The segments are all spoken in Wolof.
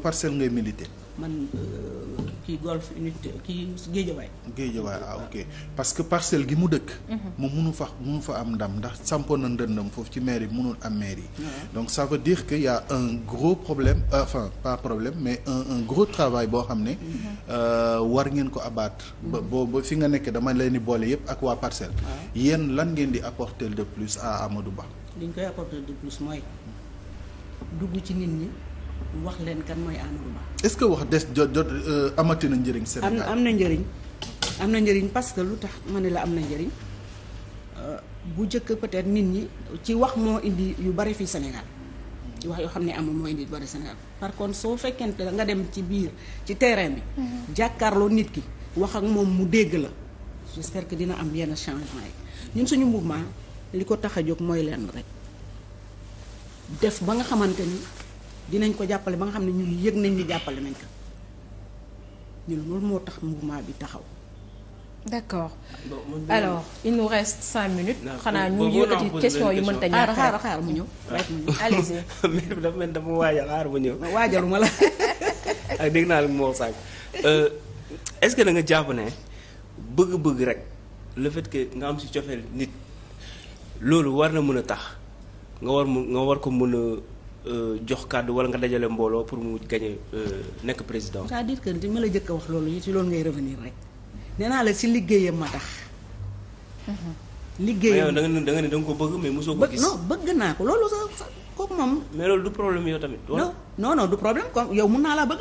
parcelle ngay milité. man euh, kii golf unité kii géejawaay. géejawaay ah ok parce que parcelle gi mu dëkk. Mhm. moom mënu fa mënu fa am ndam ndax sampoon na ndëndam foofu ci maire yi mënul am maire yi. donc ça veut dire que a un gros problème euh, pas problème mais un un gros travail boo xam ne. Mhm. Euh, war ngeen ko abattre. ba mhm. boo fi nga nekk dama leen di boole yëpp ak waa parcelle. yéen lan ngeen di apporter de plus a amadu Ba. li ñu koy apporter de plus mooy dugg ci nit ñi. wax leen kan mooy Amadou Ba. est-ce que wax des jot jot euh, amati na njëriñ. Sénégal am na njëriñ am na njëriñ parce que lu tax ma ne la am na njëriñ euh, bu njëkk peut-être nit ñi ci wax moo indi yu bari fii Sénégal ci wax yoo xam ne amul moo indi yu bari Sénégal par contre soo fekkente da nga dem ci biir ci terrain bi. Mhm. jàkkaarloo nit ki wax ak moom mu dégg la. j'espère que dina am yenn changement yi ñun suñu mouvement li ko tax a jóg mooy leen rek def ba nga xamante ni. dinañ ko jàppale ba nga xam ne ñun yëg nañ ni jàppale nañ ko ñun loolu moo tax mouvement bi taxaw. d'accord alors il nous reste cinq minutes. xanaa ñu yëkkati question yu mënta ñàkk xaar xaar mu ñëw. Ah. allez-y. dafa mel dafa waajal xaar mu ñëw. waajaluma la. ak ah, dégg naa li mu wax sànq euh, est-ce que da nga ne bëgg-bëgg rek le fait que nga am si cofeel nit loolu war na mën a tax nga war mu nga war ko mën Euh, jox kàddu wala nga dajale mbooloo pour mu gagné euh, nekk président. c'est-à-dire que di ma la jëkk wax loolu ñu ci loolu ngay revenir rek nee naa la si liggéeyam ma tax. Mhm. liggéeyam da nga ne da nga ne da ko bëgg mais mosoo ko gis. bëgg naa ko loolu sax kooku moom. mais tamit. non non non du problème yow mun naa laa bëgg.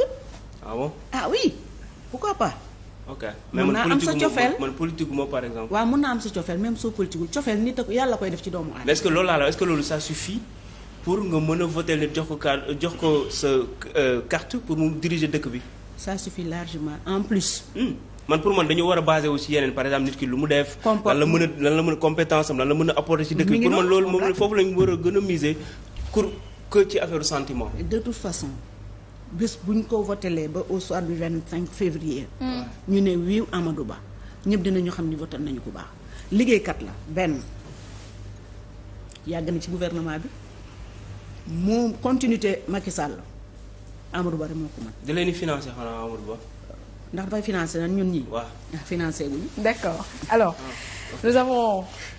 ah bon ah oui pourquoi pas. ok mais man politique am sa cofeel man sa cofeel même pour nga mën a voter leen jox ko carte jox ko sa euh, carte pour mu diriger dëkk bi. su fi largement en plus. Hmm. man pour man dañu war a basé wu ci yeneen par exemple nit ki lu mu def. lan la a mën compétence am la mën a apporter ci dëkk bi. pour man loolu moom foofu lañu war a gën a miser pour que ci affaire sentiment. de toute façon. bés bu ñu ko votelee ba au soir vingt cinq février. Hmm. ñu ne wiiw Amadou Ba ñëpp dinañu xam ni votal nañu ko baax liggéeykat la benn yàgg na ci gouvernement bi. moom continuité Macky Sall Amadou Ba rek moo ko mën. da leen di financé xanaa Amadou Ba. ndax dafay financé nan ñun ñii. waaw financé bi ñu. d'accord alors ah,